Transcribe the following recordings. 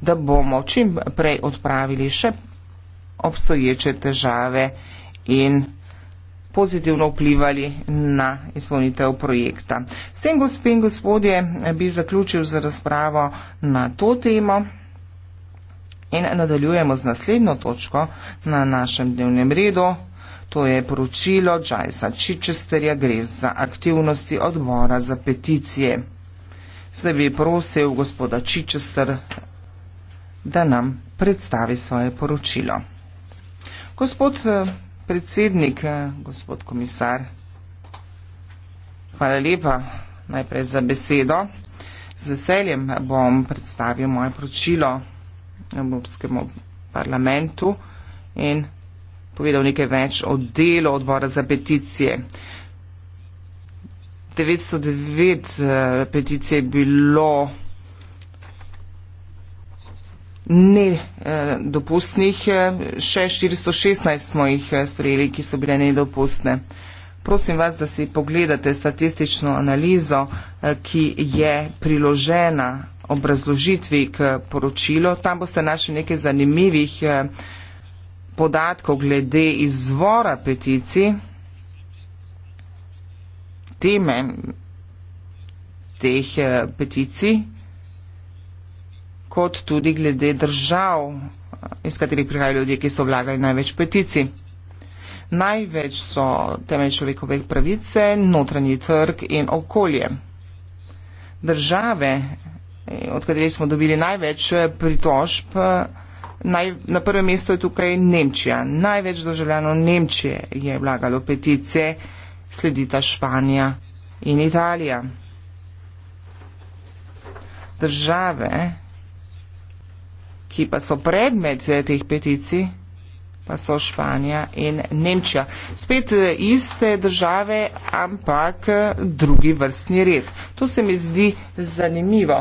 da bomo čim prej odpravili še obstoječe težave in pozitivno vplivali na izpolnitev projekta. S tem, gospe in gospodje, bi zaključil z razpravo na to temo in nadaljujemo z naslednjo točko na našem dnevnem redu. To je poročilo Džajsa Čičesterja, gre za aktivnosti odbora za peticije. Sedaj bi prosil gospoda Čičester da nam predstavi svoje poročilo. Gospod eh, predsednik, eh, gospod komisar, hvala lepa najprej za besedo. Z veseljem bom predstavil moje poročilo Evropskemu parlamentu in povedal nekaj več o delu odbora za peticije. 909 eh, peticije je bilo nedopustnih, eh, eh, še 416 smo jih eh, sprejeli, ki so bile nedopustne. Prosim vas, da si pogledate statistično analizo, ki je priložena obrazložitvi k poročilu. Tam boste našli nekaj zanimivih podatkov glede izvora peticij, teme teh peticij, kot tudi glede držav, iz katerih prihajajo ljudje, ki so vlagali največ peticij. Največ so temelj človekove pravice, notranji trg in okolje. Države, od katerih smo dobili največ pritožb, naj, na prvem mestu je tukaj Nemčija. Največ državljanov Nemčije je vlagalo peticije, sledita Španija in Italija. Države, ki pa so predmet eh, teh peticij, pa so Španija in Nemčija. Spet eh, iste države, ampak eh, drugi vrstni red. To se mi zdi zanimivo.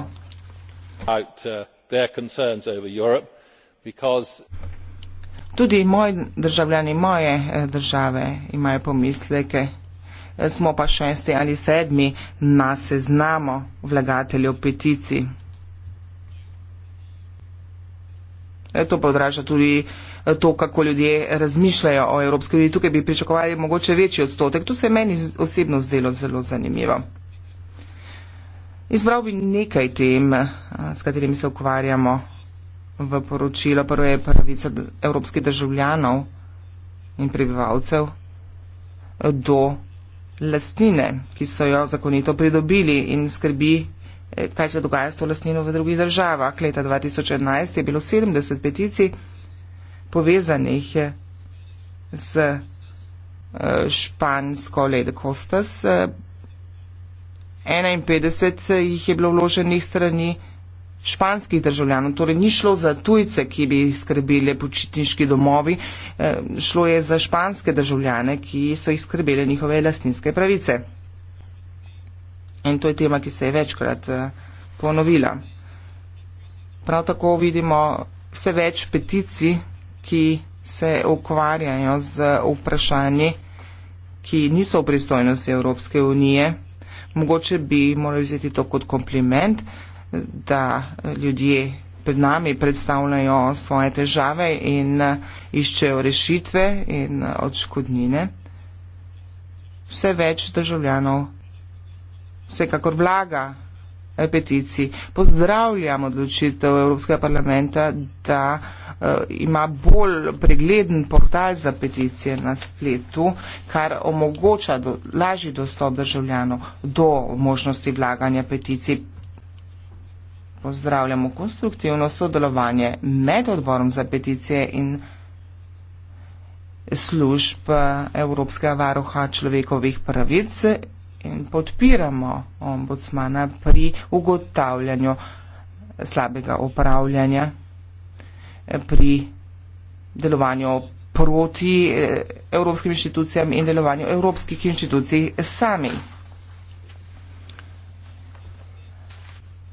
Tudi moji državljani moje države imajo pomisleke. Smo pa šesti ali sedmi na seznamo vlagateljev peticij. To pa odraža tudi eh, to, kako ljudje razmišljajo o Evropski uniji. Tukaj bi pričakovali mogoče večji odstotek. To se je meni osebno zdelo zelo zanimivo. Izbral bi nekaj tem, eh, s katerimi se ukvarjamo v poročilo. Prvo je pravica evropskih državljanov in prebivalcev eh, do lastnine, ki so jo zakonito pridobili in skrbi kaj se dogaja s to lastnino v drugih državah. Leta 2011 je bilo 70 peticij povezanih z eh, eh, špansko Lede Kostas. 51 jih je bilo vloženih strani španskih državljanov, torej ni šlo za tujce, ki bi skrbeli počitniški domovi, eh, šlo je za španske državljane, ki so jih skrbeli njihove lastninske pravice. In to je tema, ki se je večkrat eh, ponovila. Prav tako vidimo vse več peticij, ki se ukvarjajo z vprašanji, ki niso v pristojnosti Evropske unije. Mogoče bi morali vzeti to kot kompliment, da ljudje pred nami predstavljajo svoje težave in eh, iščejo rešitve in eh, odškodnine. Vse več državljanov vsekakor vlaga peticiji. Pozdravljam odločitev Evropskega parlamenta, da uh, ima bolj pregleden portal za peticije na spletu, kar omogoča do, lažji dostop državljanov do možnosti vlaganja peticij. Pozdravljamo konstruktivno sodelovanje med odborom za peticije in služb Evropskega varuha človekovih pravic in podpiramo ombudsmana pri ugotavljanju slabega upravljanja, eh, pri delovanju proti eh, evropskim inštitucijam in delovanju evropskih inštitucij sami.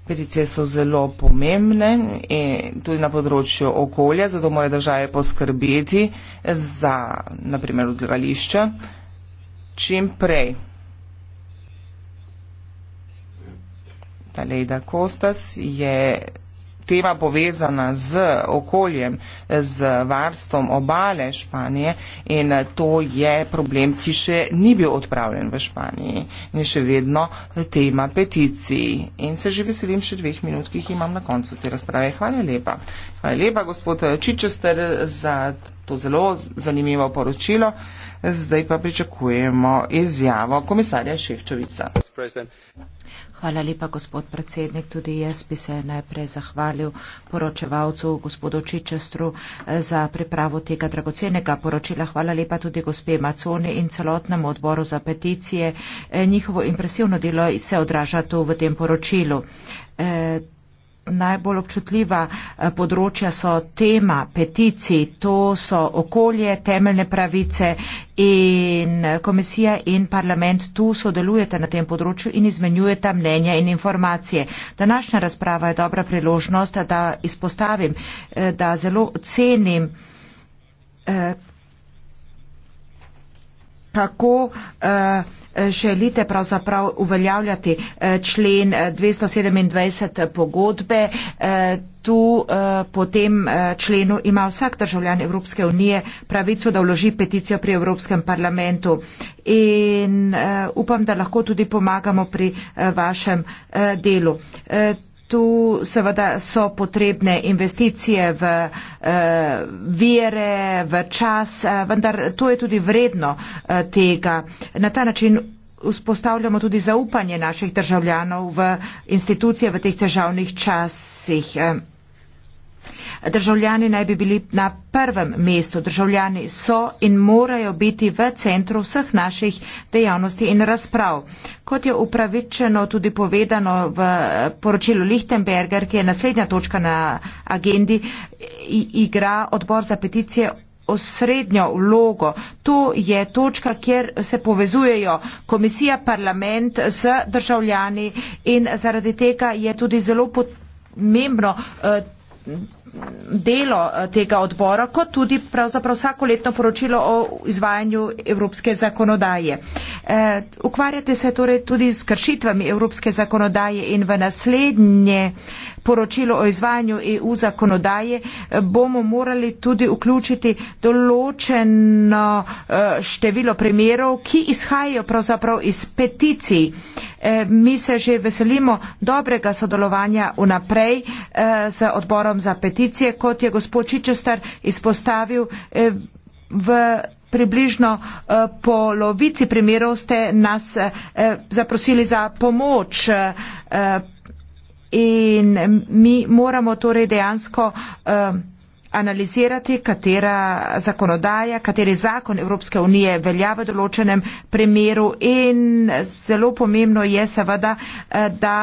Peticije so zelo pomembne in tudi na področju okolja, zato morajo države poskrbeti za, naprimer, odlagališča čim prej. Marta Leida Kostas je tema povezana z okoljem, z varstvom obale Španije in to je problem, ki še ni bil odpravljen v Španiji in je še vedno tema peticiji. In se že veselim še dveh minut, ki jih imam na koncu te razprave. Hvala lepa. Hvala lepa, gospod Čičester, za to zelo zanimivo poročilo. Zdaj pa pričakujemo izjavo komisarja Ševčovica. Hvala lepa, gospod predsednik. Tudi jaz bi se najprej zahvalil poročevalcu, gospodu Čičestru, eh, za pripravo tega dragocenega poročila. Hvala lepa tudi gospe Maconi in celotnemu odboru za peticije. Eh, njihovo impresivno delo se odraža tu v tem poročilu. Eh, najbolj občutljiva eh, področja so tema, peticij, to so okolje, temeljne pravice in komisija in parlament tu sodelujete na tem področju in izmenjujete mnenja in informacije. Današnja razprava je dobra priložnost, da izpostavim, eh, da zelo cenim, eh, kako želite pravzaprav uveljavljati eh, člen 227 eh, pogodbe. Eh, tu po tem členu ima vsak državljan Evropske unije pravico, da vloži peticijo pri Evropskem parlamentu. In upam, da lahko tudi pomagamo pri vašem delu tu seveda so potrebne investicije v eh, vire, v čas, eh, vendar to je tudi vredno eh, tega. Na ta način vzpostavljamo tudi zaupanje naših državljanov v institucije v teh težavnih časih. Eh. Državljani naj bi bili na prvem mestu. Državljani so in morajo biti v centru vseh naših dejavnosti in razprav. Kot je upravičeno tudi povedano v poročilu Lichtenberger, ki je naslednja točka na agendi, igra odbor za peticije osrednjo vlogo. To je točka, kjer se povezujejo komisija, parlament z državljani in zaradi tega je tudi zelo pomembno eh, delo eh, tega odbora, kot tudi pravzaprav vsako letno poročilo o izvajanju evropske zakonodaje. E, ukvarjate se torej tudi s kršitvami evropske zakonodaje in v naslednje poročilo o izvajanju EU zakonodaje eh, bomo morali tudi vključiti določeno število primerov, ki izhajajo pravzaprav iz peticij. Mi se že veselimo dobrega sodelovanja vnaprej z odborom za peticije investicije, kot je gospod Čičestar izpostavil, eh, v približno eh, polovici primerov ste nas eh, zaprosili za pomoč in mi moramo torej dejansko analizirati, katera zakonodaja, kateri zakon Evropske unije velja v določenem primeru in zelo pomembno je seveda, da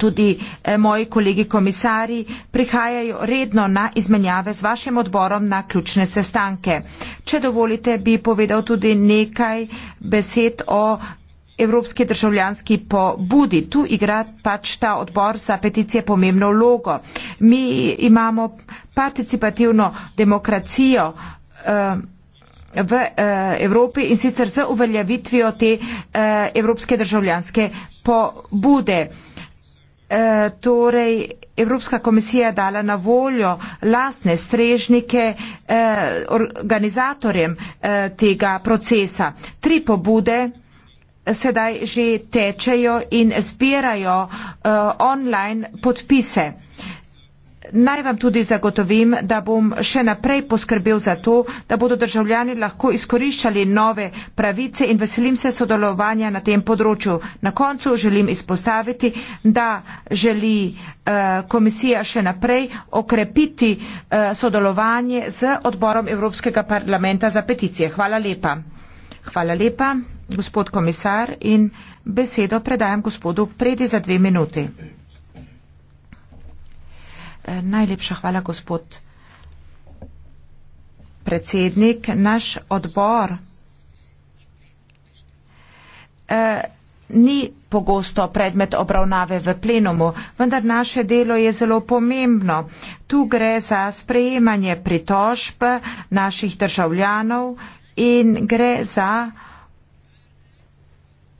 tudi eh, moji kolegi komisari prihajajo redno na izmenjave z vašim odborom na ključne sestanke. Če dovolite, bi povedal tudi nekaj besed o evropski državljanski pobudi. Tu igra pač ta odbor za peticije pomembno vlogo. Mi imamo participativno demokracijo eh, v eh, Evropi in sicer z uveljavitvijo te evropske državljanske pobude. Eh, torej Evropska komisija dala na voljo lastne strežnike eh, organizatorjem eh, tega procesa. Tri pobude sedaj že tečejo in zbirajo eh, online podpise naj vam tudi zagotovim, da bom še naprej poskrbel za to, da bodo državljani lahko izkoriščali nove pravice in veselim se sodelovanja na tem področju. Na koncu želim izpostaviti, da želi eh, komisija še naprej okrepiti eh, sodelovanje z odborom Evropskega parlamenta za peticije. Hvala lepa. Hvala lepa, gospod komisar, in besedo predajam gospodu Predi za dve minuti. Najlepša hvala, gospod predsednik. Naš odbor eh, ni pogosto predmet obravnave v plenumu, vendar naše delo je zelo pomembno. Tu gre za sprejemanje pritožb naših državljanov in gre za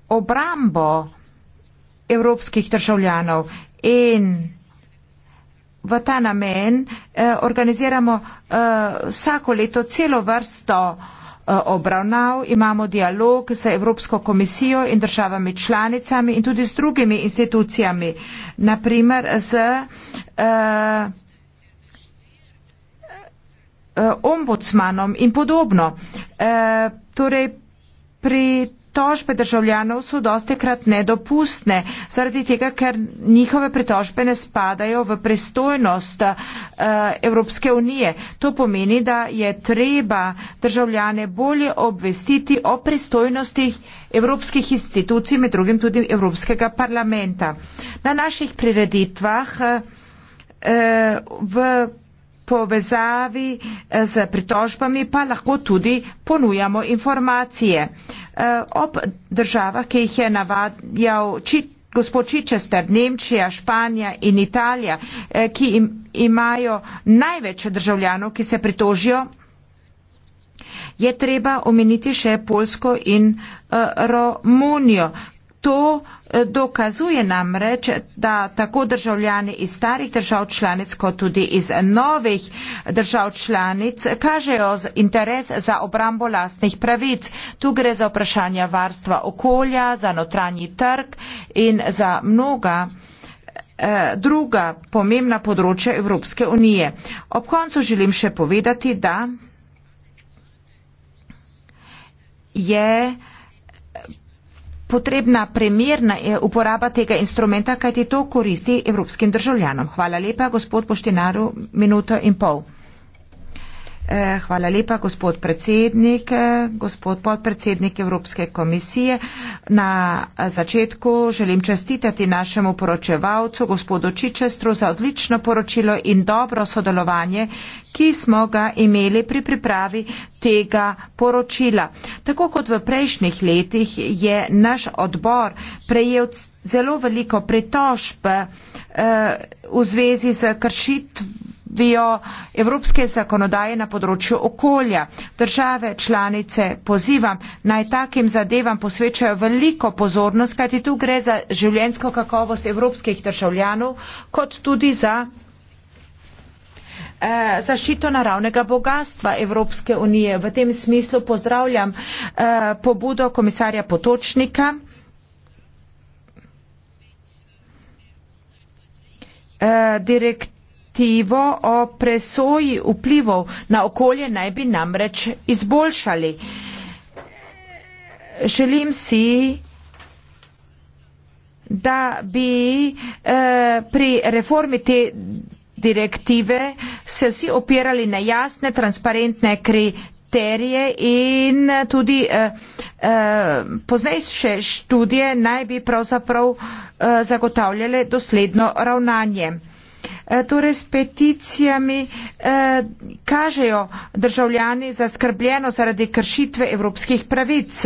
obrambo evropskih državljanov. In v ta namen eh, organiziramo eh, vsako leto celo vrsto eh, obravnav, imamo dialog z Evropsko komisijo in državami članicami in tudi z drugimi institucijami, naprimer z eh, eh, ombudsmanom in podobno. Eh, torej, pri Tožbe državljanov so dostekrat nedopustne, zaradi tega, ker njihove pritožbe ne spadajo v prestojnost uh, eh, Evropske unije. To pomeni, da je treba državljane bolje obvestiti o pristojnostih evropskih institucij, med drugim tudi Evropskega parlamenta. Na naših prireditvah uh, v povezavi z eh, pritožbami pa lahko tudi ponujamo informacije. Uh, Eh, ob državah, ki jih je navadjal či, gospod Čičester, Nemčija, Španija in Italija, eh, ki im, imajo največ državljanov, ki se pritožijo, je treba omeniti še Polsko in uh, Romunijo. To dokazuje namreč, da tako državljani iz starih držav članic kot tudi iz novih držav članic kažejo interes za obrambo lastnih pravic. Tu gre za vprašanja varstva okolja, za notranji trg in za mnoga eh, druga pomembna področja Evropske unije. Ob koncu želim še povedati, da je potrebna primerna eh, uporaba tega instrumenta, kajti to koristi evropskim državljanom. Hvala lepa, gospod Poštinaru, minuto in pol. Eh, hvala lepa, gospod predsednik, eh, gospod podpredsednik Evropske komisije. Na začetku želim čestitati našemu poročevalcu, gospodu Čičestru, za odlično poročilo in dobro sodelovanje, ki smo ga imeli pri pripravi tega poročila. Tako kot v prejšnjih letih je naš odbor prejel zelo veliko pritožb eh, v zvezi z kršitvijo evropske zakonodaje na področju okolja. Države članice pozivam naj takim zadevam posvečajo veliko pozornost, kajti tu gre za življensko kakovost evropskih državljanov, kot tudi za eh, zaščito naravnega bogatstva Evropske unije. V tem smislu pozdravljam eh, pobudo komisarja Potočnika. Eh, direktivo o presoji vplivov na okolje naj bi namreč izboljšali. Želim si, da bi eh, pri reformi te direktive se vsi opirali na jasne, transparentne kriterije in tudi eh, poznejše študije naj bi pravzaprav Eh, zagotavljale dosledno ravnanje. Eh, torej s peticijami eh, kažejo državljani zaskrbljeno zaradi kršitve evropskih pravic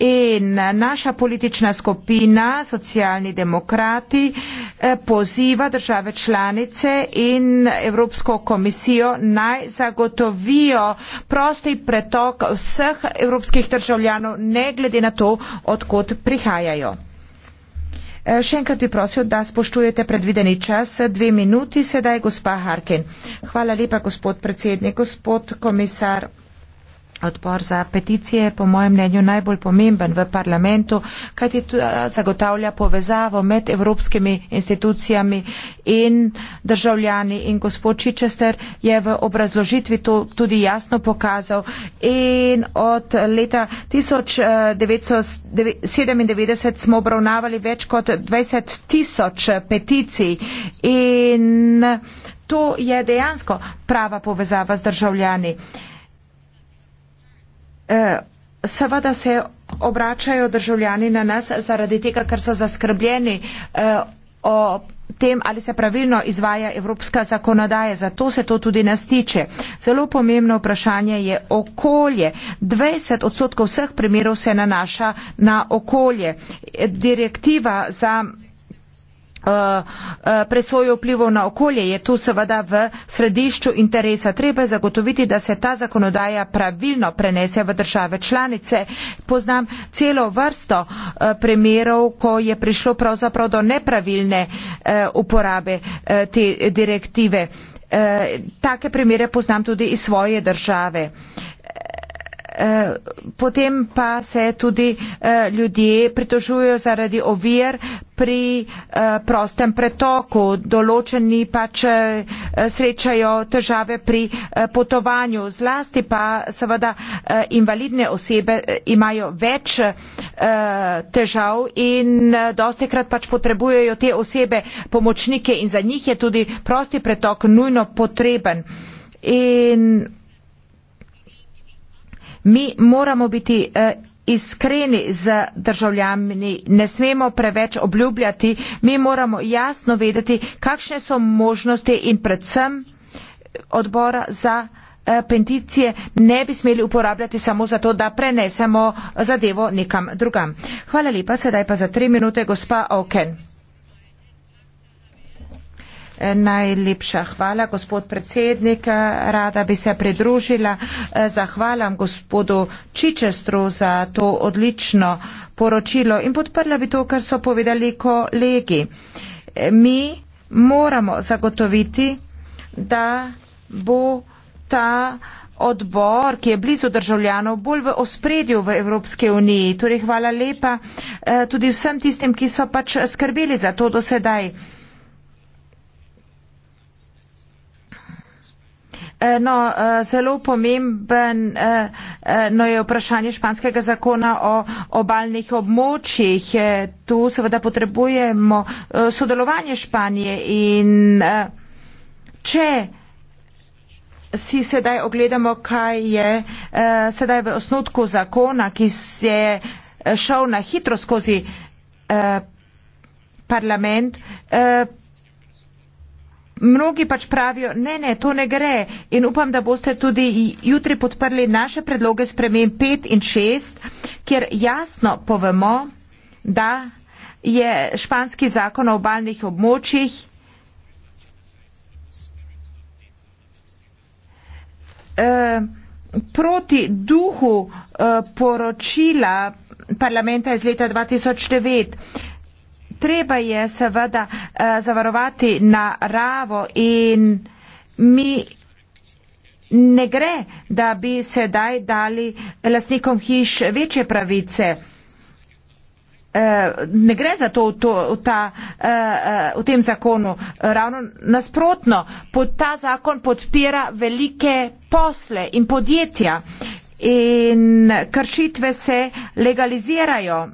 in naša politična skupina, socialni demokrati, eh, poziva države članice in Evropsko komisijo naj zagotovijo prosti pretok vseh evropskih državljanov, ne glede na to, odkot prihajajo. Eh, še enkrat bi prosil, da spoštujete predvideni čas. Eh, dve minuti sedaj, gospa Harkin. Hvala lepa, gospod predsednik, gospod komisar. Odbor za peticije je po mojem mnenju najbolj pomemben v parlamentu, kajti eh, zagotavlja povezavo med evropskimi institucijami in državljani. In gospod Čičester je v obrazložitvi to tudi jasno pokazal. In od leta 1997 eh, smo obravnavali več kot 20 tisoč peticij. In to je dejansko prava povezava z državljani. Eh, seveda se obračajo državljani na nas zaradi tega, ker so zaskrbljeni eh, o tem, ali se pravilno izvaja evropska zakonodaja. Zato se to tudi nas tiče. Zelo pomembno vprašanje je okolje. 20 odstotkov vseh primerov se nanaša na okolje. Direktiva za Eh, eh, presojo vplivov na okolje je tu seveda v središču interesa. Treba je zagotoviti, da se ta zakonodaja pravilno prenese v države članice. Poznam celo vrsto eh, primerov, ko je prišlo pravzaprav do nepravilne uporabe te direktive. Take primere poznam tudi iz svoje države. Eh, potem pa se tudi eh, ljudje pritožujejo zaradi ovir pri eh, prostem pretoku. Določeni pač srečajo težave pri potovanju. Zlasti pa seveda invalidne osebe imajo več težav in dostekrat pač potrebujejo te osebe pomočnike in za njih je tudi prosti pretok nujno potreben. In Mi moramo biti eh, iskreni z državljani, ne smemo preveč obljubljati, mi moramo jasno vedeti, kakšne so možnosti in predvsem odbora za eh, peticije ne bi smeli uporabljati samo zato, da prenesemo zadevo nekam drugam. Hvala lepa, sedaj pa za tri minute gospa Oken. Najlepša hvala, gospod predsednik. Rada bi se pridružila. Eh, zahvalam gospodu Čičestru za to odlično poročilo in podprla bi to, kar so povedali kolegi. Mi moramo zagotoviti, da bo ta odbor, ki je blizu državljanov, bolj v ospredju v Evropske uniji. Torej, hvala lepa eh, tudi vsem tistim, ki so pač skrbeli za to do sedaj. No, eh, zelo pomemben eh, eh, no, je vprašanje španskega zakona o obalnih območjih. Tu seveda potrebujemo sodelovanje Španije in če si sedaj ogledamo, kaj je sedaj v osnutku zakona, ki se je šel na hitro skozi parlament, mnogi pač pravijo, ne, ne, to ne gre in upam, da boste tudi jutri podprli naše predloge spremen 5 in 6, kjer jasno povemo, da je španski zakon o obalnih območjih eh, proti duhu eh, poročila parlamenta iz leta 2009 treba je seveda uh, zavarovati naravo in mi ne gre, da bi sedaj dali lastnikom hiš večje pravice. Uh, ne gre za to v, to, v, ta, uh, uh, v tem zakonu. Ravno nasprotno, pod ta zakon podpira velike posle in podjetja in kršitve se legalizirajo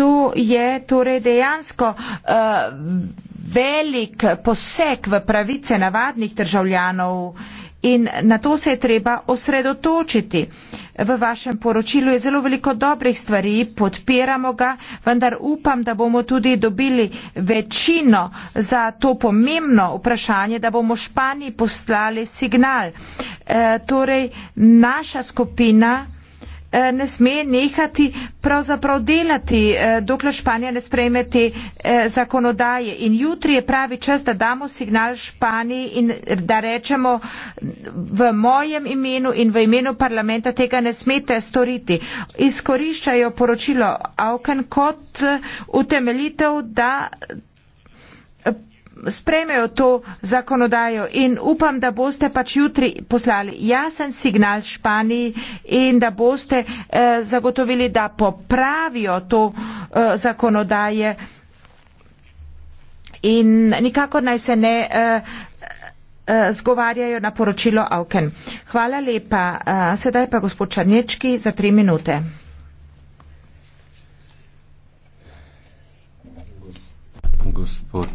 tu je torej dejansko uh, velik poseg v pravice navadnih državljanov in na to se je treba osredotočiti. V vašem poročilu je zelo veliko dobrih stvari, podpiramo ga, vendar upam, da bomo tudi dobili večino za to pomembno vprašanje, da bomo Španiji poslali signal. E, torej, naša skupina Eh, ne sme nehati pravzaprav delati, eh, dokler Španija ne sprejme te eh, zakonodaje. In jutri je pravi čas, da damo signal Španiji in da rečemo v mojem imenu in v imenu parlamenta tega ne smete storiti. Izkoriščajo poročilo Auken kot utemelitev, da spremejo to zakonodajo in upam, da boste pač jutri poslali jasen signal Španiji in da boste eh, zagotovili, da popravijo to eh, zakonodaje in nikako naj se ne eh, eh, zgovarjajo na poročilo Auken. Hvala lepa. Eh, sedaj pa gospod Črnečki za tri minute. Gospod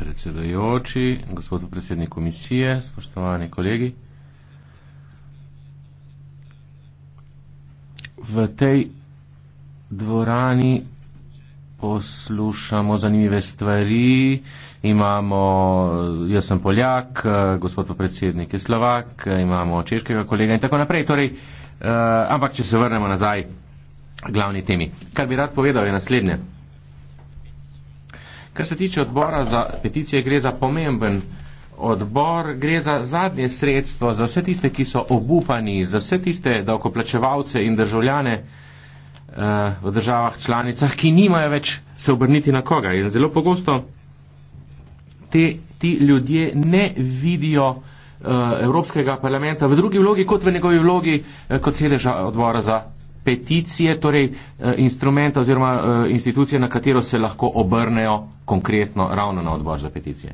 predsedujoči, gospod predsednik komisije, spoštovani kolegi. V tej dvorani poslušamo zanimive stvari. Imamo, jaz sem Poljak, gospod predsednik je Slovak, imamo češkega kolega in tako naprej. Torej, eh, ampak, če se vrnemo nazaj glavni temi. Kar bi rad povedal je naslednje. Kar se tiče odbora za peticije, gre za pomemben odbor, gre za zadnje sredstvo za vse tiste, ki so obupani, za vse tiste davkoplačevalce in državljane eh, v državah članicah, ki nimajo več se obrniti na koga. In zelo pogosto te, ti ljudje ne vidijo uh, Evropskega parlamenta v drugi vlogi kot v njegovi vlogi uh, kot sedeža odbora za peticije, torej eh, instrumenta oziroma eh, institucije, na katero se lahko obrnejo konkretno ravno na odbor za peticije.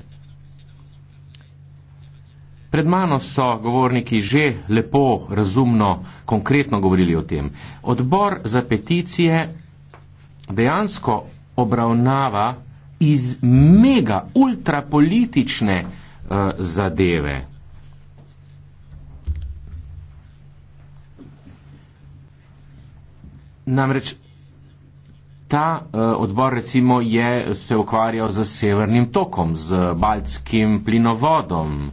Pred mano so govorniki že lepo, razumno, konkretno govorili o tem. Odbor za peticije dejansko obravnava iz mega, ultrapolitične uh, zadeve, Namreč ta uh, odbor recimo je se ukvarjal z severnim tokom, z baltskim plinovodom.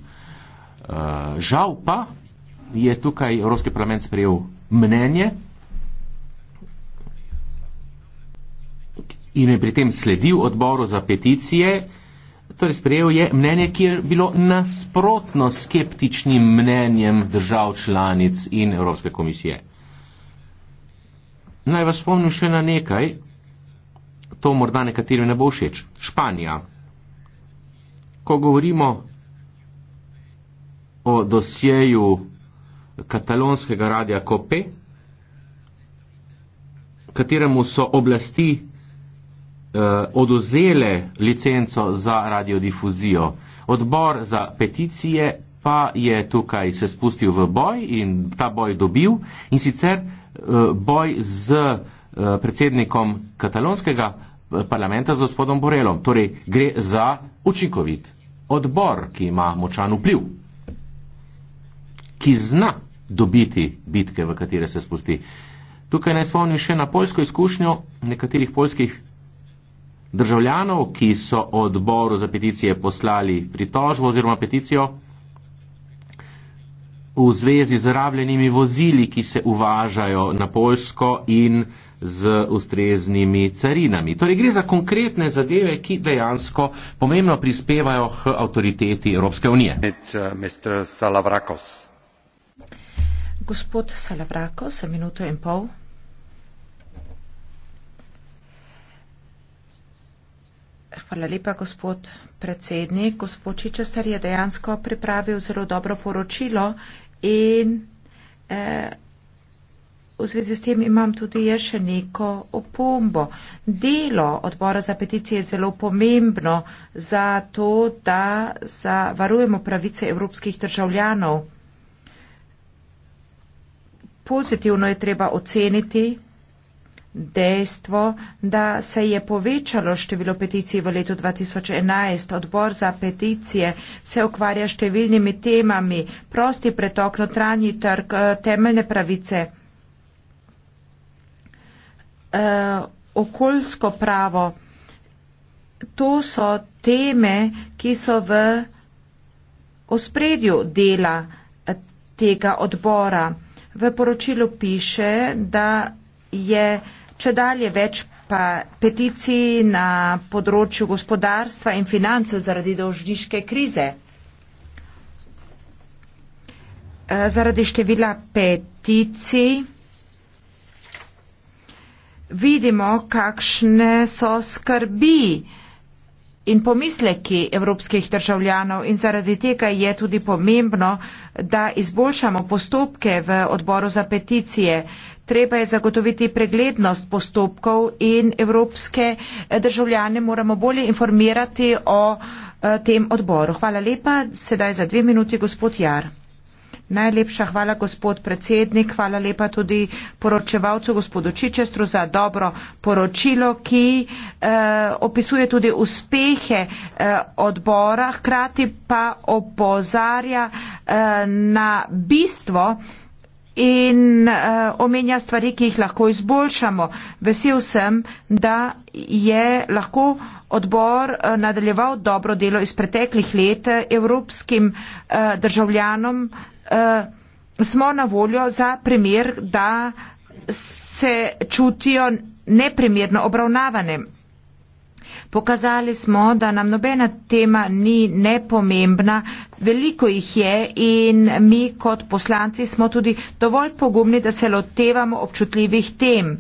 Uh, žal pa je tukaj Evropski parlament sprejel mnenje in je pri tem sledil odboru za peticije. Torej sprejel je mnenje, ki je bilo nasprotno skeptičnim mnenjem držav članic in Evropske komisije. Naj vas spomnim še na nekaj, to morda nekaterim ne bo všeč. Španija. Ko govorimo o dosjeju katalonskega radia COPE, kateremu so oblasti eh, oduzele licenco za radiodifuzijo, odbor za peticije pa je tukaj se spustil v boj in ta boj dobil in sicer Eh, boj z eh, predsednikom katalonskega eh, parlamenta, z gospodom Borelom. Torej gre za učinkovit odbor, ki ima močan vpliv, ki zna dobiti bitke, v katere se spusti. Tukaj naj spomnim še na polsko izkušnjo nekaterih polskih državljanov, ki so odboru za peticije poslali pritožbo oziroma peticijo v zvezi z rabljenimi vozili, ki se uvažajo na Poljsko in z ustreznimi carinami. Torej gre za konkretne zadeve, ki dejansko pomembno prispevajo k avtoriteti Evropske unije. Eh, gospod Salavrako, sem minuto in pol. Hvala lepa, gospod predsednik. Gospod Čičester je dejansko pripravil zelo dobro poročilo in eh, v zvezi s tem imam tudi jaz še neko opombo. Delo odbora za peticije je zelo pomembno za to, da zavarujemo pravice evropskih državljanov. Pozitivno je treba oceniti Dejstvo, da se je povečalo število peticij v letu 2011, odbor za peticije se ukvarja številnimi temami, prosti pretok, notranji trg, eh, temeljne pravice, eh, okoljsko pravo. To so teme, ki so v ospredju dela eh, tega odbora. V poročilu piše, da je Če dalje več pa peticij na področju gospodarstva in finance zaradi dolžniške krize. Eh, zaradi števila peticij vidimo, kakšne so skrbi in pomisleki evropskih državljanov in zaradi tega je tudi pomembno, da izboljšamo postopke v odboru za peticije treba je zagotoviti preglednost postopkov in evropske državljane moramo bolje informirati o eh, tem odboru. Hvala lepa. Sedaj za dve minuti gospod Jar. Najlepša hvala, gospod predsednik, hvala lepa tudi poročevalcu, gospodu Čičestru, za dobro poročilo, ki eh, opisuje tudi uspehe eh, odbora, hkrati pa opozarja eh, na bistvo eh, in uh, omenja stvari, ki jih lahko izboljšamo. Vesel sem, da je lahko odbor uh, nadaljeval dobro delo iz preteklih let evropskim uh, državljanom. Uh, smo na voljo za primer, da se čutijo neprimerno obravnavanem. Pokazali smo, da nam nobena tema ni nepomembna, veliko jih je in mi kot poslanci smo tudi dovolj pogumni, da se lotevamo občutljivih tem.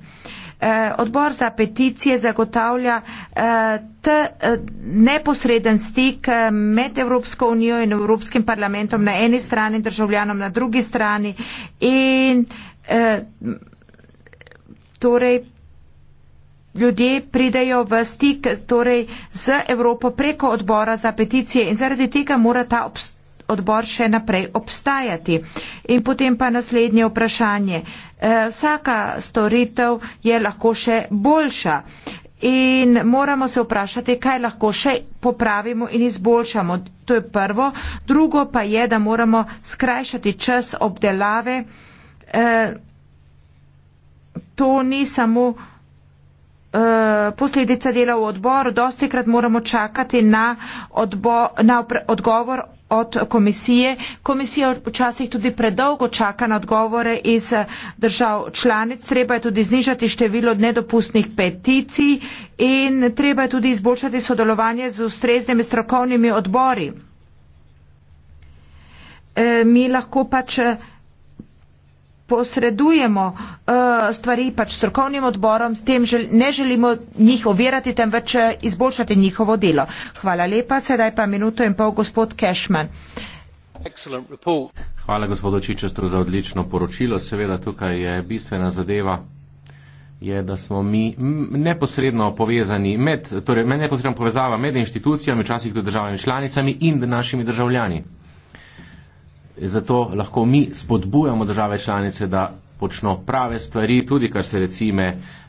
Eh, odbor za peticije zagotavlja eh, t, eh, neposreden stik med Evropsko unijo in Evropskim parlamentom na eni strani, državljanom na drugi strani. In, torej, ljudje pridejo v stik torej, z Evropo preko odbora za peticije in zaradi tega mora ta odbor še naprej obstajati. In potem pa naslednje vprašanje. Eh, vsaka storitev je lahko še boljša. In moramo se vprašati, kaj lahko še popravimo in izboljšamo. To je prvo. Drugo pa je, da moramo skrajšati čas obdelave. E, to ni samo. Eh, posledica dela v odboru. Dosti krat moramo čakati na, odbo, na odgovor od komisije. Komisija včasih tudi predolgo čaka na odgovore iz eh, držav članic. Treba je tudi znižati število nedopustnih peticij in treba je tudi izboljšati sodelovanje z ustreznimi strokovnimi odbori. E, mi lahko pač posredujemo uh, stvari pač strokovnim odborom, s tem žel, ne želimo njih ovirati, temveč eh, izboljšati njihovo delo. Hvala lepa, sedaj pa minuto in pol gospod Kešman. Hvala gospodu Čičestru za odlično poročilo. Seveda tukaj je bistvena zadeva, je, da smo mi neposredno povezani med, torej neposredna povezava med inštitucijami, včasih tudi državami članicami in našimi državljani. Zato lahko mi spodbujamo države članice, da počno prave stvari, tudi kar se recime,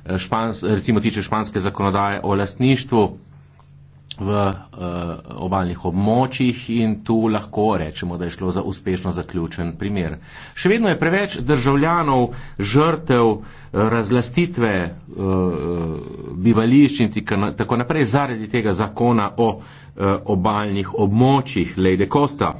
eh, špans, recimo tiče španske zakonodaje o lastništvu v uh, eh, obaljnih območjih in tu lahko rečemo, da je šlo za uspešno zaključen primer. Še vedno je preveč državljanov žrtev eh, razlastitve uh, bivališč in tako naprej zaradi tega zakona o uh, obaljnih območjih Lejde Kosta.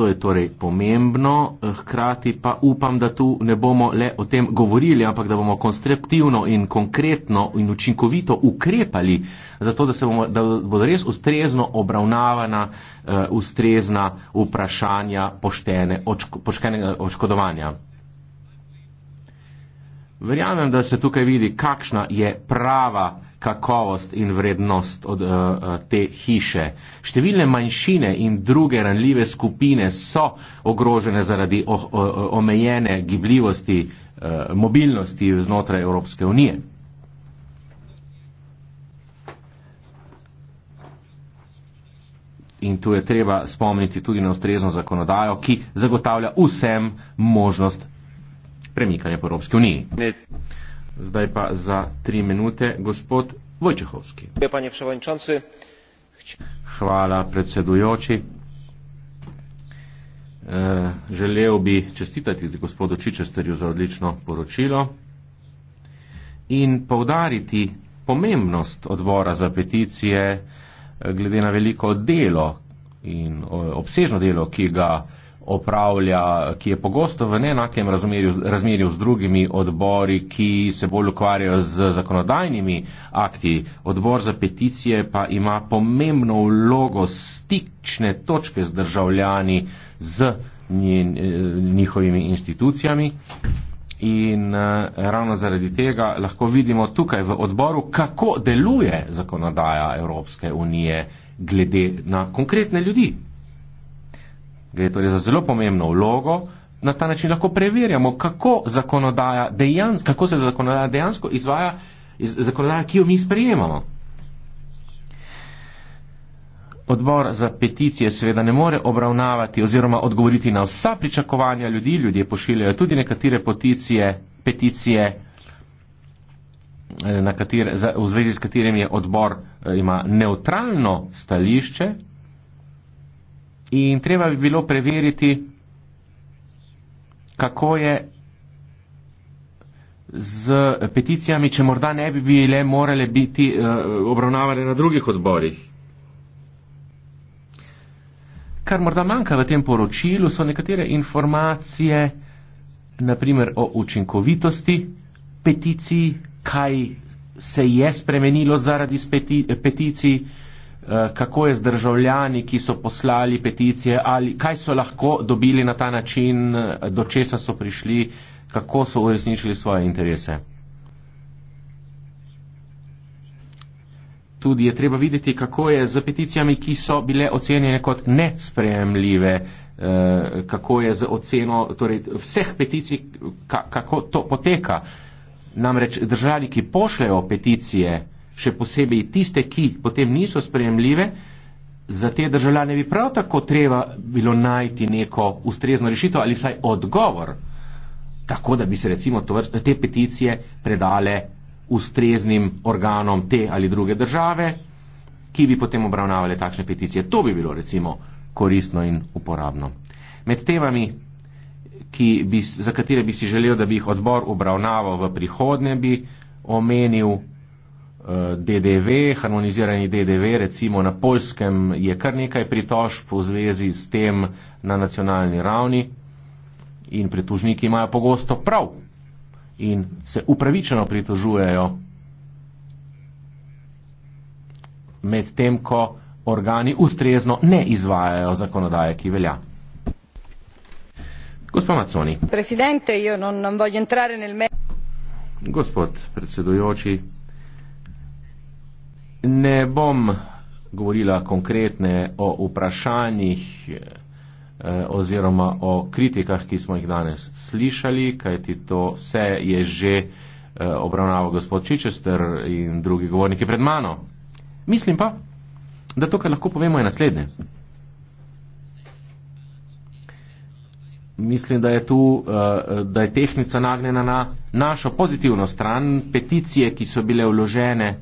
To je torej pomembno, eh, hkrati pa upam, da tu ne bomo le o tem govorili, ampak da bomo konstruktivno in konkretno in učinkovito ukrepali, zato da, bomo, da bodo res ustrezno obravnavana uh, ustrezna vprašanja poštene, očko, poštenega oškodovanja. Verjamem, da se tukaj vidi, kakšna je prava kakovost in vrednost od, uh, te hiše. Številne manjšine in druge ranljive skupine so ogrožene zaradi oh, o, o, omejene gibljivosti, uh, mobilnosti znotraj Evropske unije. In tu je treba spomniti tudi na ustrezno zakonodajo, ki zagotavlja vsem možnost premikanja po Evropski uniji. Ne. Zdaj pa za tri minute gospod Vojčehovski. Hvala predsedujoči. E, želel bi čestitati gospodu Čičesterju za odlično poročilo in povdariti pomembnost odbora za peticije e, glede na veliko delo in obsežno delo, ki ga opravlja, ki je pogosto v neenakem razmerju, razmerju z drugimi odbori, ki se bolj ukvarjajo z zakonodajnimi akti. Odbor za peticije pa ima pomembno vlogo stične točke z državljani, z njen, eh, njihovimi institucijami. In eh, ravno zaradi tega lahko vidimo tukaj v odboru, kako deluje zakonodaja Evropske unije glede na konkretne ljudi. Gre torej za zelo pomembno vlogo, na ta način lahko preverjamo, kako, dejans, kako se zakonodaja dejansko izvaja, iz, zakonodaja, ki jo mi sprejemamo. Odbor za peticije seveda ne more obravnavati oziroma odgovoriti na vsa pričakovanja ljudi. Ljudje pošiljajo tudi nekatere poticije, peticije, eh, na katere, za, v zvezi s katerimi je odbor eh, ima neutralno stališče, In treba bi bilo preveriti, kako je z peticijami, če morda ne bi bile morale biti uh, obravnavane na drugih odborih. Kar morda manjka v tem poročilu, so nekatere informacije, naprimer o učinkovitosti peticij, kaj se je spremenilo zaradi peti, peticij. Eh, kako je z državljani, ki so poslali peticije, ali kaj so lahko dobili na ta način, eh, do česa so prišli, kako so uresničili svoje interese. Tudi je treba videti, kako je z peticijami, ki so bile ocenjene kot nesprejemljive, eh, kako je z oceno torej vseh peticij, kako to poteka. Namreč državljani, ki pošljajo peticije, še posebej tiste, ki potem niso sprejemljive, za te državljane bi prav tako treba bilo najti neko ustrezno rešitev ali vsaj odgovor, tako da bi se recimo vrst, te peticije predale ustreznim organom te ali druge države, ki bi potem obravnavali takšne peticije. To bi bilo recimo koristno in uporabno. Med temami, bi, za katere bi si želel, da bi jih odbor obravnaval v prihodnje, bi omenil DDV, harmonizirani DDV, recimo na polskem je kar nekaj pritožb v zvezi s tem na nacionalni ravni in pritožniki imajo pogosto prav in se upravičeno pritožujejo med tem, ko organi ustrezno ne izvajajo zakonodaje, ki velja. Gospod Maconi. Gospod predsedujoči ne bom govorila konkretne o vprašanjih eh, oziroma o kritikah, ki smo jih danes slišali, kajti to vse je že eh, obravnaval gospod Čičester in drugi govorniki pred mano. Mislim pa, da to, kar lahko povemo, je naslednje. Mislim, da je, tu, eh, da je tehnica nagnjena na našo pozitivno stran. Peticije, ki so bile vložene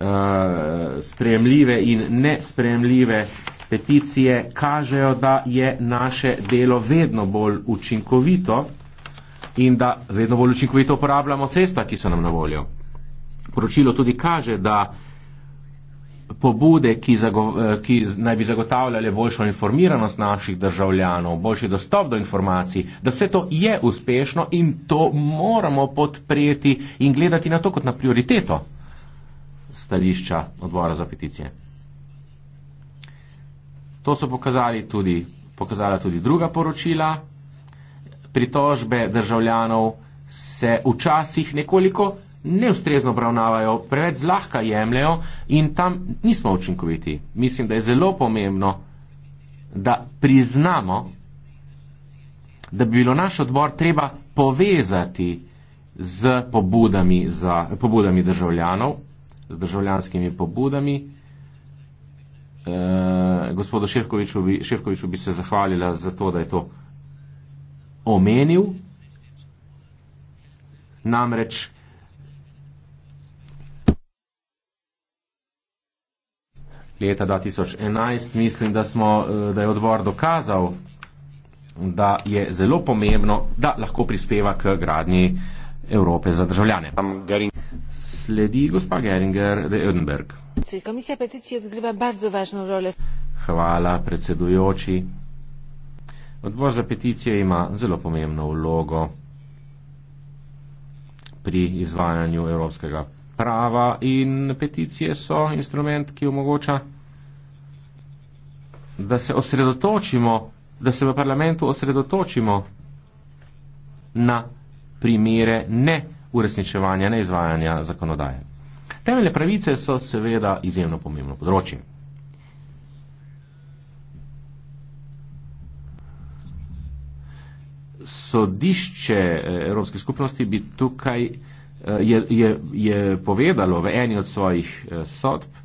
Eh, spremljive in nespremljive peticije kažejo, da je naše delo vedno bolj učinkovito in da vedno bolj učinkovito uporabljamo sredstva, ki so nam na voljo. Poročilo tudi kaže, da pobude, ki, eh, ki naj bi zagotavljale boljšo informiranost naših državljanov, boljši dostop do informacij, da vse to je uspešno in to moramo podpreti in gledati na to kot na prioriteto stališča odbora za peticije. To so pokazali tudi, pokazala tudi druga poročila. Pritožbe državljanov se včasih nekoliko neustrezno obravnavajo, preveč zlahka jemljajo in tam nismo učinkoviti. Mislim, da je zelo pomembno, da priznamo, da bi bilo naš odbor treba povezati z pobudami, za, pobudami državljanov z državljanskimi pobudami. E, gospodu Šefkoviču bi, Šefkoviču bi se zahvalila za to, da je to omenil. Namreč leta 2011 mislim, da, smo, eh, da je odbor dokazal, da je zelo pomembno, da lahko prispeva k gradnji Evrope za državljane. Um, getting sledi gospa Geringer de Ödenberg. Komisija peticij odgriva bardzo ważną rolę. Hvala, predsedujoči. Odbor za peticije ima zelo pomembno vlogo pri izvajanju evropskega prava in peticije so instrument, ki omogoča, da se osredotočimo, da se v parlamentu osredotočimo na primere ne uresničevanja neizvajanja zakonodaje. Temeljne pravice so seveda izjemno pomembno področje. Sodišče eh, Evropske skupnosti bi tukaj eh, je, je, je povedalo v eni od svojih eh, sodb,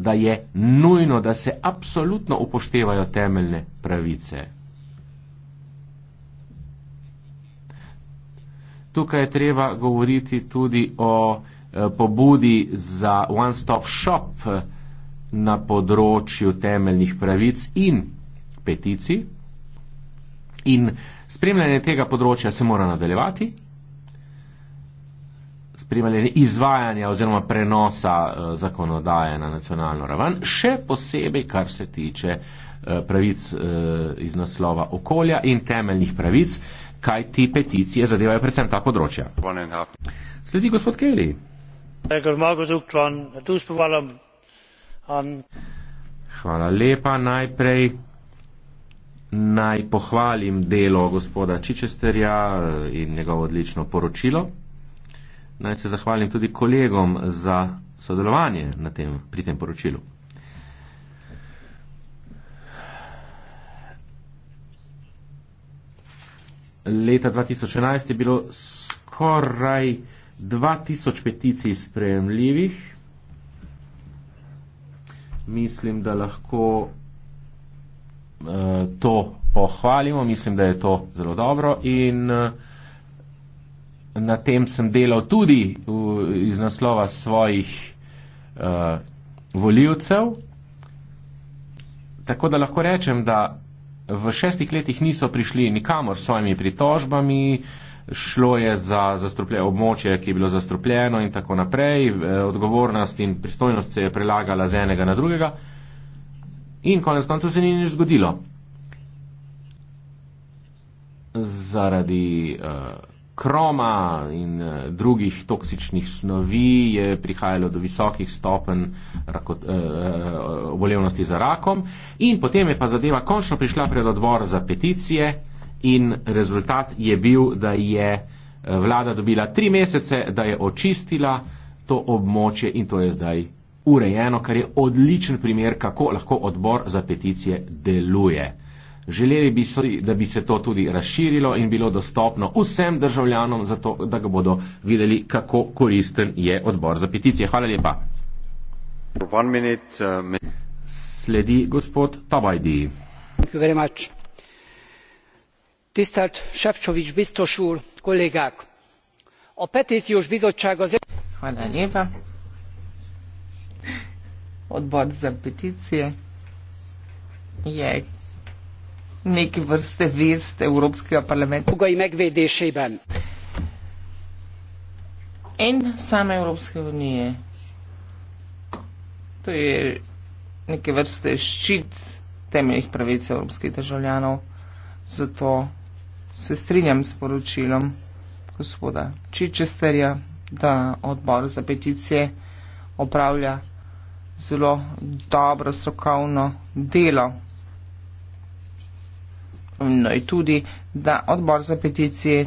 da je nujno, da se absolutno upoštevajo temeljne pravice tukaj je treba govoriti tudi o eh, pobudi za one-stop-shop eh, na področju temeljnih pravic in peticij. In spremljanje tega področja se mora nadaljevati, spremljanje izvajanja oziroma prenosa eh, zakonodaje na nacionalno raven, še posebej, kar se tiče pravic iz naslova okolja in temeljnih pravic, kaj ti peticije zadevajo predvsem ta področja. Sledi gospod Keli. Hvala lepa. Najprej naj pohvalim delo gospoda Čičesterja in njegovo odlično poročilo. Naj se zahvalim tudi kolegom za sodelovanje na tem, pri tem poročilu. leta 2011 je bilo skoraj 2000 peticij sprejemljivih. Mislim, da lahko uh, to pohvalimo, mislim, da je to zelo dobro in uh, na tem sem delal tudi v, iz naslova svojih uh, eh, voljivcev. Tako da lahko rečem, da v šestih letih niso prišli nikamor s svojimi pritožbami, šlo je za zastrupljeno območje, ki je bilo zastrupljeno in tako naprej, e, odgovornost in pristojnost se je prelagala z enega na drugega in konec koncev se ni nič zgodilo. Zaradi uh, kroma in eh, drugih toksičnih snovi je prihajalo do visokih stopenj eh, eh, obolevnosti za rakom. In potem je pa zadeva končno prišla pred odbor za peticije in rezultat je bil, da je vlada dobila tri mesece, da je očistila to območje in to je zdaj urejeno, kar je odličen primer, kako lahko odbor za peticije deluje. Želeli bi si, da bi se to tudi razširilo in bilo dostopno vsem državljanom, zato da ga bodo videli, kako koristen je odbor za peticije. Hvala lepa. Minute, uh, Sledi gospod Tabajdi. Tisztelt Sefcsovics biztos úr, kollégák! A petíciós bizottság az... Hanányéva. Ott barz a petíció. Jaj, neki vrste vest Evropskega parlamenta. Koga je megvedešejben? En same Evropske unije, to je neke vrste ščit temeljih pravic evropskih državljanov, zato se strinjam s poročilom gospoda Čičesterja, da odbor za peticije opravlja zelo dobro strokovno delo. Pomembno je tudi, da odbor za peticije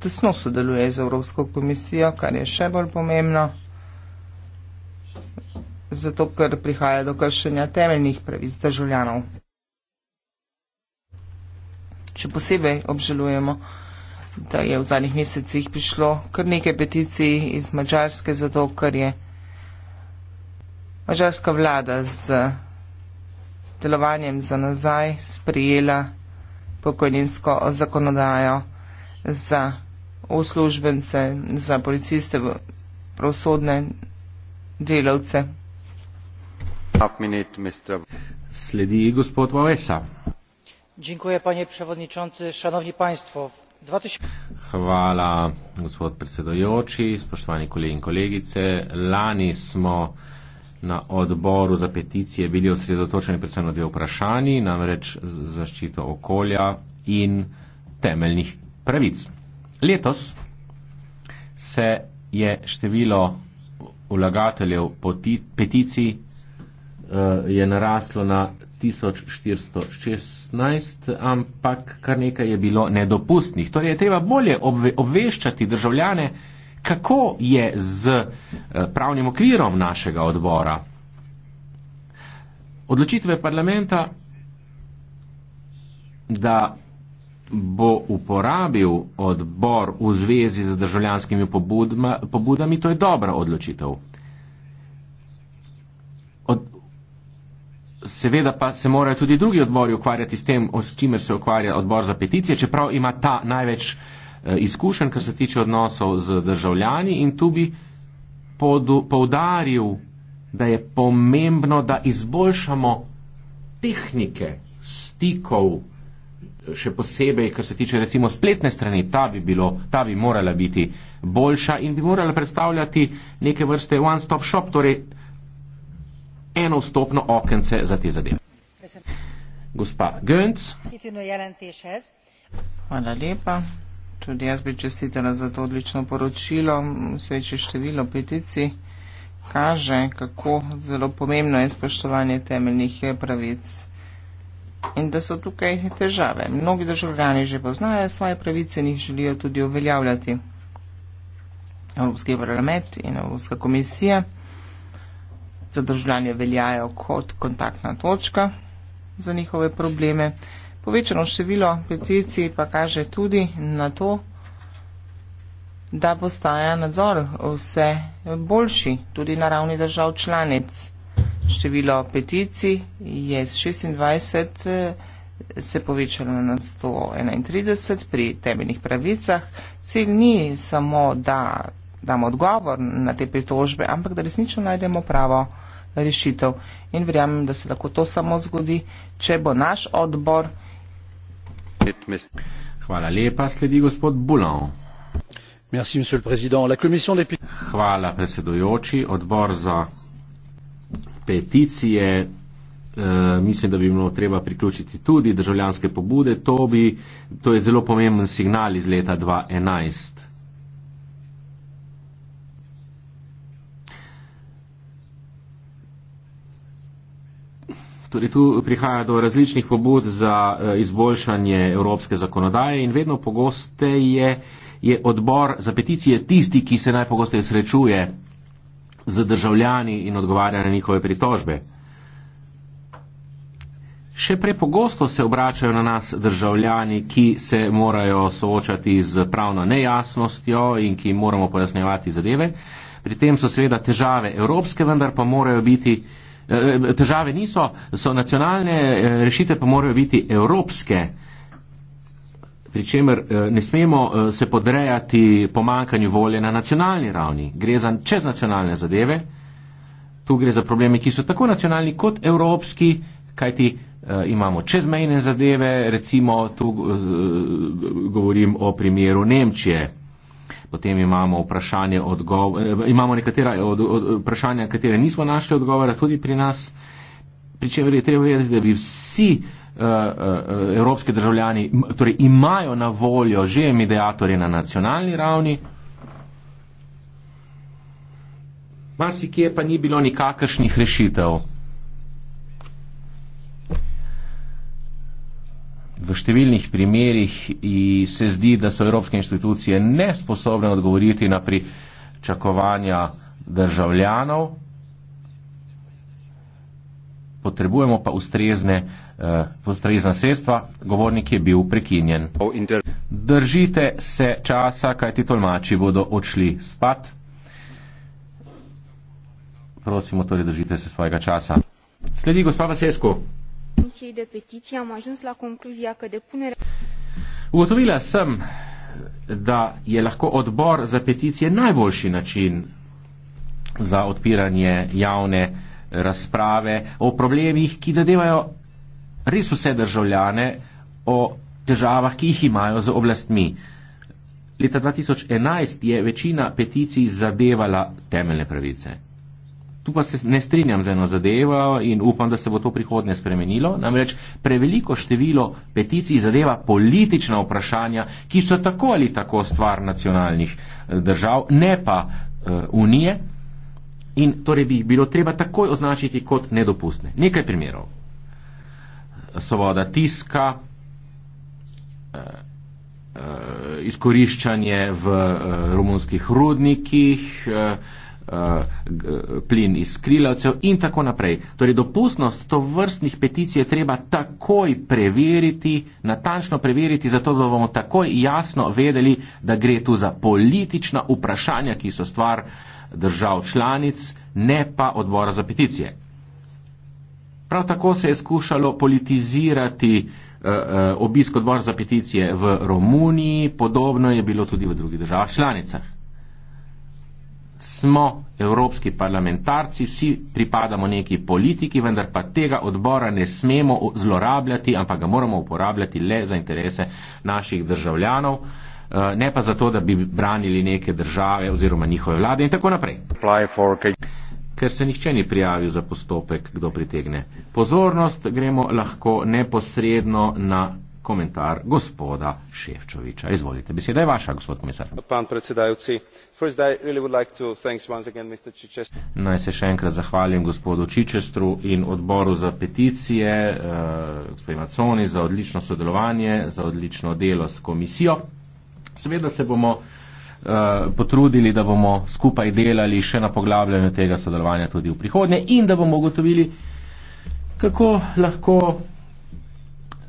tesno sodeluje z Evropsko komisijo, kar je še bolj pomembno, zato ker prihaja do kršenja temeljnih pravic državljanov. Še posebej obžalujemo, da je v zadnjih mesecih prišlo kar nekaj peticij iz Mačarske, zato ker je mačarska vlada z delovanjem za nazaj sprijela pokojninsko zakonodajo za uslužbence, za policiste, pravosodne delavce. Sledi gospod Vavesa. Dziękuję, panie przewodniczący, szanowni państwo. 2000... Hvala, gospod predsedojoči, spoštovani kolegi in kolegice. Lani smo na odboru za peticije bili osredotočeni predvsem na dve vprašanji, namreč zaščito okolja in temeljnih pravic. Letos se je število vlagateljev peticij eh, je naraslo na 1416, ampak kar nekaj je bilo nedopustnih. Torej je treba bolje obveščati državljane, kako je z eh, pravnim okvirom našega odbora. Odločitve parlamenta, da bo uporabil odbor v zvezi z državljanskimi pobudma, pobudami, to je dobra odločitev. Od, seveda pa se morajo tudi drugi odbori ukvarjati s tem, s čimer se ukvarja odbor za peticije, čeprav ima ta največ uh, Eh, izkušenj, kar se tiče odnosov z državljani in tu bi poudaril, da je pomembno, da izboljšamo tehnike stikov, eh, še posebej, kar se tiče recimo spletne strani, ta bi, bilo, ta bi morala biti boljša in bi morala predstavljati neke vrste one-stop-shop, torej eno vstopno okence za te zadeve. Gospa Gönc. Hvala lepa. Tudi jaz bi čestitela za to odlično poročilo. Vse večje število peticij kaže, kako zelo pomembno je spoštovanje temeljnih pravic in da so tukaj težave. Mnogi državljani že poznajo svoje pravice in jih želijo tudi uveljavljati. Evropski parlament in Evropska komisija za državljanje veljajo kot kontaktna točka za njihove probleme. Povečano število peticij pa kaže tudi na to, da postaja nadzor vse boljši, tudi na ravni držav članic. Število peticij je z 26 eh, se povečalo na 131 pri temeljnih pravicah. Cilj ni samo, da damo odgovor na te pritožbe, ampak da resnično najdemo pravo rešitev. In verjamem, da se lahko to samo zgodi, če bo naš odbor Hvala lepa. Sledi gospod Bulon. Merci, monsieur le président. La commission des Hvala, predsedujoči. Odbor za peticije. Uh, mislim, da bi bilo treba priključiti tudi državljanske pobude. To, bi, to je zelo pomemben signal iz leta 2011. Torej, tu prihaja do različnih pobud za eh, izboljšanje evropske zakonodaje in vedno pogosteje je odbor za peticije tisti, ki se najpogosteje srečuje z državljani in odgovarja na njihove pritožbe. Še prepogosto se obračajo na nas državljani, ki se morajo soočati z pravno nejasnostjo in ki moramo pojasnjevati zadeve. Pri tem so seveda težave evropske, vendar pa morajo biti Eh, eh, težave niso, so nacionalne, eh, rešitve pa morajo biti evropske, pričemer ne smemo se podrejati pomankanju volje na nacionalni ravni. Gre za čeznacionalne zadeve, tu gre za probleme, ki so tako nacionalni kot evropski, kajti imamo čezmejne zadeve, recimo tu govorim o primeru Nemčije. Potem imamo, eh, imamo nekatera od, od, od, vprašanja, katere nismo našli odgovora tudi pri nas, pri čemer je treba vedeti, da bi vsi uh, uh, evropski državljani torej imajo na voljo že medijatorje na nacionalni ravni. Marsikje pa ni bilo nikakršnih rešitev. v številnih primerjih se zdi, da so evropske institucije nesposobne odgovoriti na pričakovanja državljanov. Potrebujemo pa ustrezne, uh, eh, ustrezne sredstva. Govornik je bil prekinjen. Držite se časa, kaj ti tolmači bodo odšli spat. Prosimo, torej držite se svojega časa. Sledi gospod Vasesko comisiei de petiții am ajuns la concluzia că depunerea. Ugotovila sem, da je lahko odbor za peticije najboljši način za odpiranje javne eh, razprave o problemih, ki zadevajo res vse državljane, o težavah, ki jih imajo z oblastmi. Leta 2011 je večina peticij zadevala temeljne pravice. Tu pa se ne strinjam z eno zadevo in upam, da se bo to prihodnje spremenilo. Namreč preveliko število peticij zadeva politična vprašanja, ki so tako ali tako stvar nacionalnih eh, držav, ne pa uh, unije. In torej bi jih bilo treba takoj označiti kot nedopustne. Nekaj primerov. Svoboda tiska, eh, izkoriščanje v romunskih rudnikih, Eh, plin iz skrilavcev in tako naprej. Torej, dopustnost to vrstnih peticij je treba takoj preveriti, natančno preveriti, zato da bomo takoj jasno vedeli, da gre tu za politična vprašanja, ki so stvar držav članic, ne pa odbora za peticije. Prav tako se je skušalo politizirati eh, eh, obisk odbora za peticije v Romuniji, podobno je bilo tudi v drugih državah članicah smo evropski parlamentarci, vsi pripadamo neki politiki, vendar pa tega odbora ne smemo zlorabljati, ampak ga moramo uporabljati le za interese naših državljanov, eh, ne pa zato, da bi branili neke države oziroma njihove vlade in tako naprej. Ker se nihče ni prijavil za postopek, kdo pritegne pozornost, gremo lahko neposredno na komentar gospoda Ševčoviča. Izvolite, beseda je vaša, gospod komisar. Naj se še enkrat zahvalim gospodu Čičestru in odboru za peticije, eh, gospod Maconi, za odlično sodelovanje, za odlično delo s komisijo. Seveda se bomo eh, potrudili, da bomo skupaj delali še na poglabljanju tega sodelovanja tudi v prihodnje in da bomo ugotovili, kako lahko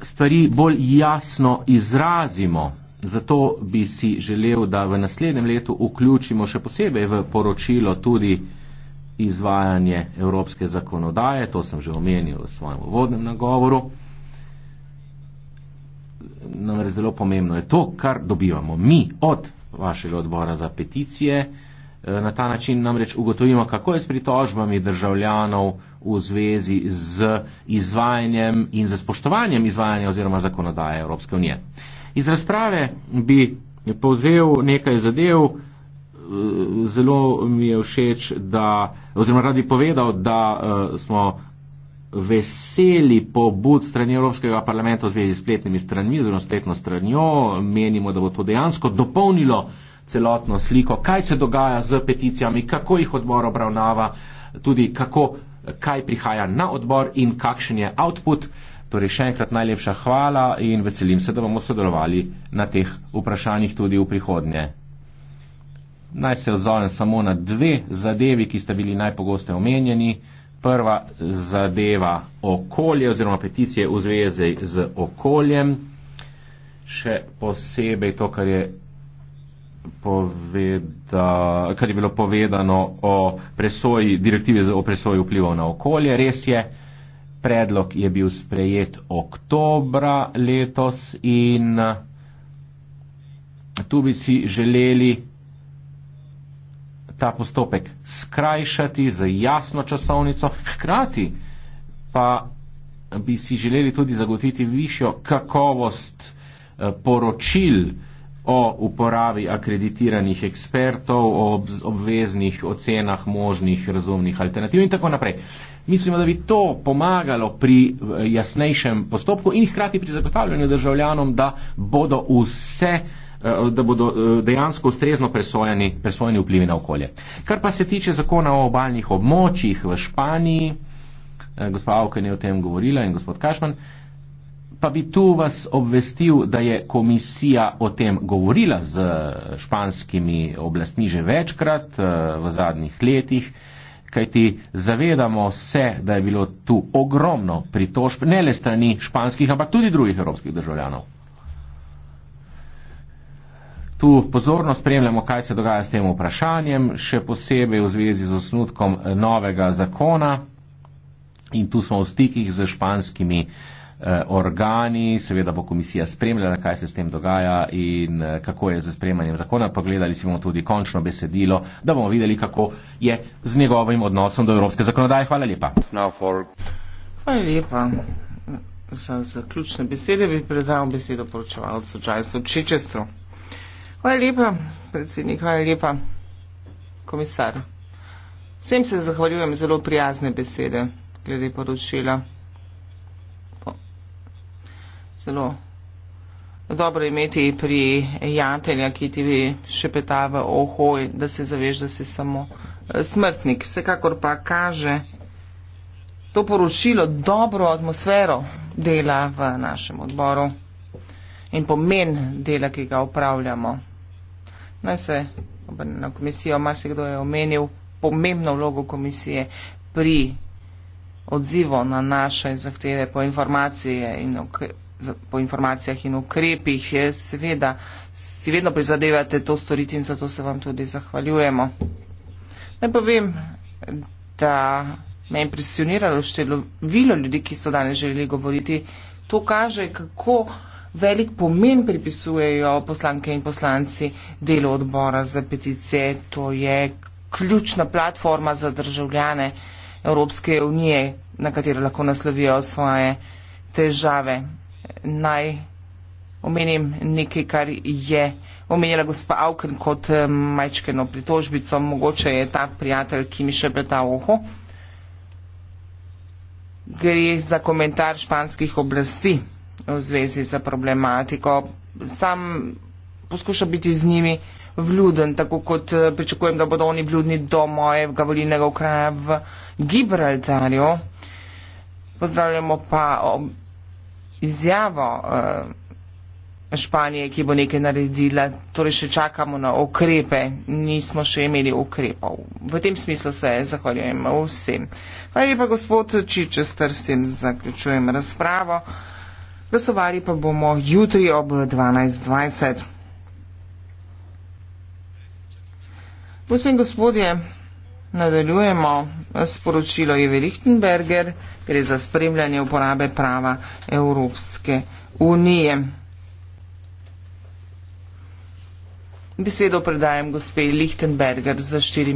stvari bolj jasno izrazimo. Zato bi si želel, da v naslednjem letu vključimo še posebej v poročilo tudi izvajanje evropske zakonodaje, to sem že omenil v svojem uvodnem nagovoru. Namreč zelo pomembno je to, kar dobivamo mi od vašega odbora za peticije, Eh, na ta način namreč ugotovimo, kako je s pritožbami državljanov v zvezi z izvajanjem in z spoštovanjem izvajanja oziroma zakonodaje Evropske unije. Iz razprave bi povzel nekaj zadev. Eh, zelo mi je všeč, da, oziroma radi povedal, da eh, smo veseli pobud strani Evropskega parlamenta v zvezi s spletnimi stranmi oziroma spletno stranjo. Menimo, da bo to dejansko dopolnilo celotno sliko, kaj se dogaja z peticijami, kako jih odbor obravnava, tudi kako, kaj prihaja na odbor in kakšen je output. Torej še enkrat najlepša hvala in veselim se, da bomo sodelovali na teh vprašanjih tudi v prihodnje. Naj se odzovem samo na dve zadevi, ki sta bili najpogoste omenjeni. Prva zadeva okolje oziroma peticije v zvezi z okoljem. Še posebej to, kar je poveda, kar je bilo povedano o presoji, direktivi o presoji vplivov na okolje. Res je, predlog je bil sprejet oktobra letos in eh, tu bi si želeli ta postopek skrajšati z jasno časovnico, hkrati pa bi si želeli tudi zagotoviti višjo kakovost eh, poročil, o uporabi akreditiranih ekspertov, o obveznih ocenah možnih razumnih alternativ in tako naprej. Mislimo, da bi to pomagalo pri eh, jasnejšem postopku in hkrati pri zagotavljanju državljanom, da bodo vse eh, da bodo eh, dejansko ustrezno presojeni, presojeni vplivi na okolje. Kar pa se tiče zakona o obaljnih območjih v Španiji, gospod Avken je o tem govorila in gospod Kašman, pa bi tu vas obvestil, da je komisija o tem govorila z španskimi oblastmi že večkrat eh, v zadnjih letih, kajti zavedamo se, da je bilo tu ogromno pritožb, ne le strani španskih, ampak tudi drugih evropskih državljanov. Tu pozorno spremljamo, kaj se dogaja s tem vprašanjem, še posebej v zvezi z osnutkom novega zakona. In tu smo v stikih z španskimi uh, Eh, organi, seveda bo komisija spremljala, kaj se s tem dogaja in eh, kako je z spremanjem zakona. Pogledali si bomo tudi končno besedilo, da bomo videli, kako je z njegovim odnosom do evropske zakonodaje. Hvala lepa. Hvala lepa. Za zaključne besede bi predal besedo poročevalcu Džajsu Čečestru. Hvala lepa, predsednik, hvala lepa, komisar. Vsem se zahvaljujem zelo prijazne besede glede poročila zelo dobro imeti pri jatelja, ki ti šepeta v ohoj, da se zaveš, da si samo eh, smrtnik. Vsekakor pa kaže to poročilo dobro atmosfero dela v našem odboru in pomen dela, ki ga upravljamo. Naj se obrne na komisijo, marsikdo je omenil pomembno vlogo komisije pri odzivu na naše zahteve po informacije in okrepitvi po informacijah in ukrepih, je seveda, si vedno prizadevate to storiti in zato se vam tudi zahvaljujemo. Naj povem, da me je impresioniralo število ljudi, ki so danes želeli govoriti. To kaže, kako velik pomen pripisujejo poslanke in poslanci delo odbora za peticije. To je ključna platforma za državljane Evropske unije, na katero lahko naslovijo svoje težave naj omenim nekaj, kar je omenjala gospa Avken kot eh, majčkeno pritožbico, mogoče je ta prijatelj, ki mi še breda oho. Gre za komentar španskih oblasti v zvezi za problematiko. Sam poskušam biti z njimi vljuden, tako kot eh, pričakujem, da bodo oni vljudni do mojega volilnega okraja v Gibraltarju. Pozdravljamo pa izjavo eh, Španije, ki bo nekaj naredila, torej še čakamo na okrepe, nismo še imeli ukrepov. V tem smislu se zahvaljujem vsem. Hvala lepa, gospod Čičester, s tem zaključujem razpravo. Glasovali pa bomo jutri ob 12.20. Gospod in gospodje, Nadaljujemo sporočilo Eve Lichtenberger, gre za spremljanje uporabe prava Evropske unije. Besedo predajem gospe Lichtenberger za štiri.